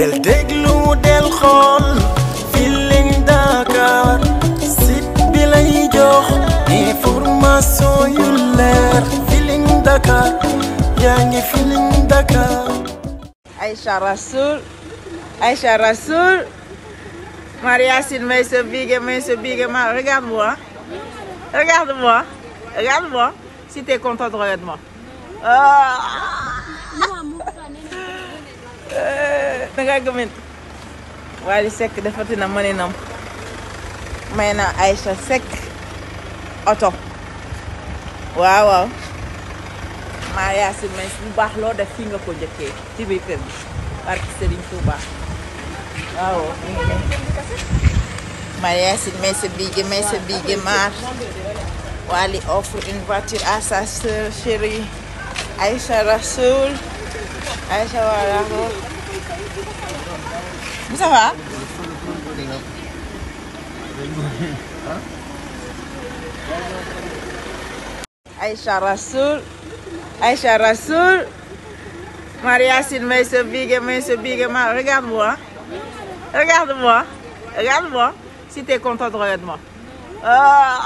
del déglu del xool Feeling Dakar site bi lay jox information yu leer Feeling Dakar yaa ngi Feeling Dakar Aïcha Rasoul Aïcha Rasoul Maria Sin mais ce bigue mais ce bigue ma regarde-moi moi regarde-moi si t'es ah. moi dangaa gëmën Wally Seck defati na maninam may na Aïcha Seck oto waaw waaw Mariasi mais bu baax loo def fii nga ko jëkkee ci biir kër gi barke Serigne Touba waaw Mariasi mais bige mais bige maar Wally offre une voiture à sa sœur chérie Aïcha Rasoul Aïcha Waraho Moussa Ba. Aïcha Rasoul Aïcha Rasoul Maria Sin mais ce bigue mais ce bigue ma regarde-moi regarde-moi regarde-moi si t'es contente ah! euh,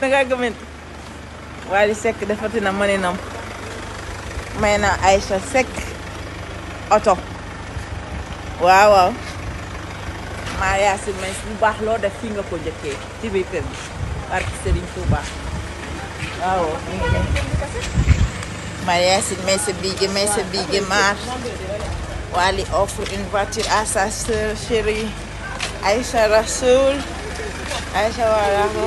regarde-moi danga gëmën Wally Seck dafatina maninam may na Aïcha Seck oto waaw waaw Mariasi mais bu baax loo def fii nga ko njëkkee ci biir kër gi barke Serigne Touba waaw Mariasi mais bigi mais bigi maar Wally offre une voiture à sa sœur chérie Aïcha Rassoul Aïcha Waraho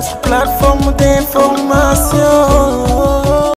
plateforme d'information